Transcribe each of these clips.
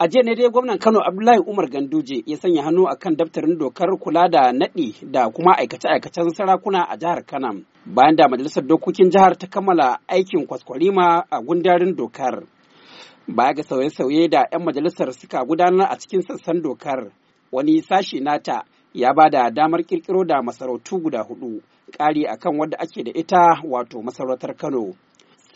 A jiya ne dai gwamnan Kano Abdullahi Umar Ganduje ya sanya hannu a kan daftarin dokar kula da naɗi da kuma aikace-aikacen sarakuna a jihar Kano. Bayan da majalisar dokokin jihar ta kammala aikin kwaskwarima a gundarin dokar. Baya ga sauye-sauye da 'yan majalisar suka gudanar a cikin sassan dokar, wani sashi nata ya ba da damar kirkiro da masarautu guda hudu, ƙari akan wadda ake da ita wato masarautar Kano.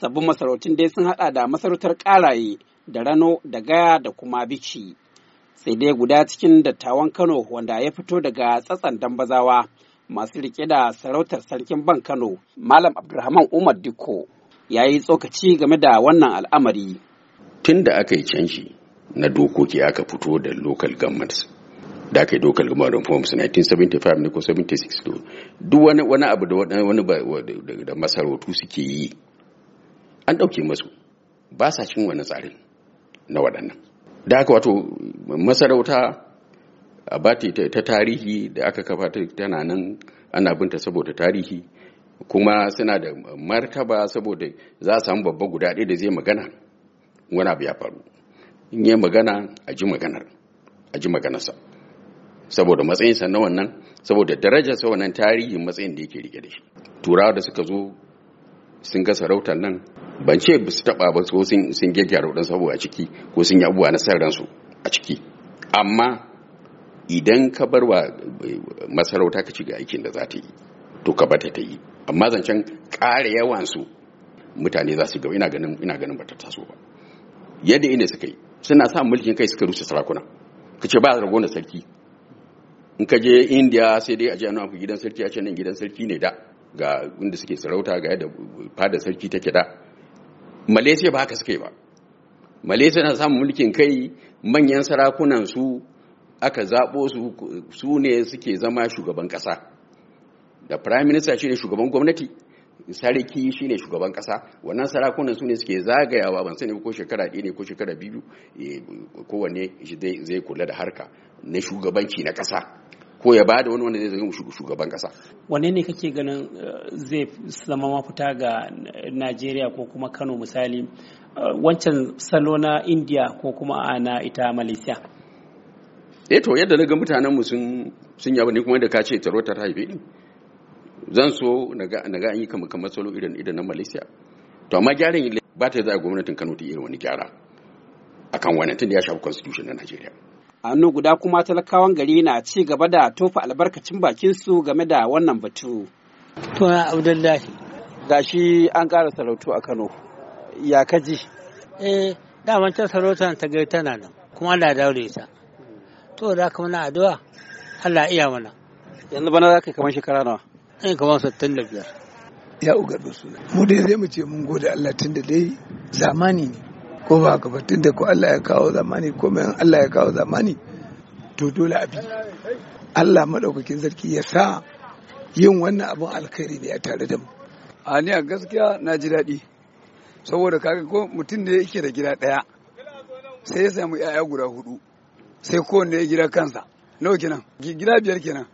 Sabbin masarautun dai sun haɗa da masarautar ƙaraye, da rano da gaya da kuma bici sai dai guda cikin dattawan kano wanda ya fito daga tsatsan dambazawa masu rike da sarautar sarkin ban kano malam abdulrahman umar dikko ya yi tsokaci game da wannan al'amari tun da aka yi canji na dokoki aka fito da local governments da aka yi local government reforms 1975 ne ko 76 duk wani abu da wani da masarautu suke yi an ɗauke masu ba sa cin wani tsarin na waɗannan da haka wato masarauta a bati ta tarihi da aka kafa tana nan ana binta saboda tarihi kuma suna da martaba saboda za a samu babba guda ɗaya da zai magana wani abu ya faru in yi magana a ji maganar a ji maganarsa saboda matsayinsa na wannan saboda darajarsa wannan tarihin matsayin da yake rike da shi turawa da suka zo sun ga sarautar nan ban ce su taba ba ko sun gyaggyara waɗansu abubuwa a ciki ko sun yi abubuwa na san ransu a ciki amma idan ka bar wa eh, masarauta ka ci ga aikin da za ta yi to ka bata ta yi amma zancen ƙara yawansu mutane za su gaba ina ganin bata taso ba yadda ina suka yi suna sa mulkin kai suka rusa sarakuna ka ce ba rago na sarki in ka je indiya sai dai a ji ana gidan sarki a ce nan gidan sarki ne da ga inda suke sarauta ga yadda fada sarki take da malaysia ba haka suke ba malaysia na samun mulkin kai manyan sarakunan su aka zaɓo su ne suke zama shugaban kasa da prime minister shine shugaban gwamnati sarki shine shugaban kasa wannan sarakunan su ne suke zagayawa ban sani ko shekara ɗaya ne ko shekara biyu eh, kowanne zai kula da harka na shugabanci na kasa ko ya bada wani wanda zai zama shugaban kasa wanne ne kake ganin eh, zai zama mafita ga Najeriya ko kuma Kano misali eh, wancan salo na India ko kuma na ita Malaysia eh to yadda na ga mutanen sun sun yaba ne kuma da ka ce taro ta haife din zan so na ga an yi kamar kamar salo irin idan na Malaysia to amma gyaran ba ta yi za a gwamnatin Kano ta irin wani gyara akan wani tun da ya shafi constitution na Najeriya a hannu guda kuma talakawan gari na ci gaba da tofa albarkacin su game da wannan batu. Tuna Abdullahi. Ga shi an ƙara sarautu a Kano. Ya kaji? Eh, daman ta sarauta ta gai tana nan, kuma da daure ta. To da kuma na addu'a, Allah iya mana. Yanzu bana za ka kamar shekara nawa? Eh, kamar sittin da biyar. Ya uga suna. Mu dai zai mu ce mun gode Allah tun da dai zamani ne. ko ba ka tun da ko Allah ya kawo zamani ko mai Allah ya kawo zamani to dole abi Allah madaukakin sarki ya sa yin wannan abin alkhairi ne a tare da mu a ni a gaskiya na ji daɗi saboda kaga ko mutum da yake da gida ɗaya sai ya samu ƴaƴa guda hudu sai kowanne ya gida kansa nawa kenan gida biyar kenan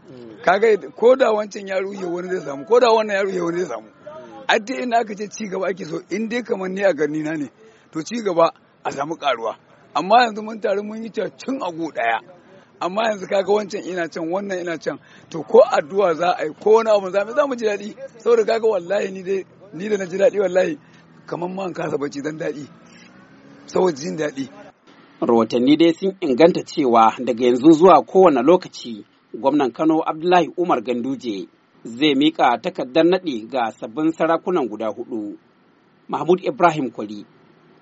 kaga ko da wancan ya ruhe wani zai samu ko da wannan ya ruhe wani zai samu a ina aka ce ci gaba ake so in dai kamar ni a garni na ne to ci gaba a samu karuwa amma yanzu mun taru mun yi cin agu daya amma yanzu kaga wancan ina can wannan ina can to ko addu'a za a yi ko wani abu za mu za mu ji daɗi saboda kaga wallahi ni dai ni da na ji daɗi wallahi kamar ma an kasa bacci dan daɗi saboda jin daɗi rahotanni dai sun inganta cewa daga yanzu zuwa kowane lokaci gwamnan Kano Abdullahi Umar Ganduje zai mika takardar naɗi ga sabbin sarakunan guda hudu. Mahmud Ibrahim Kwali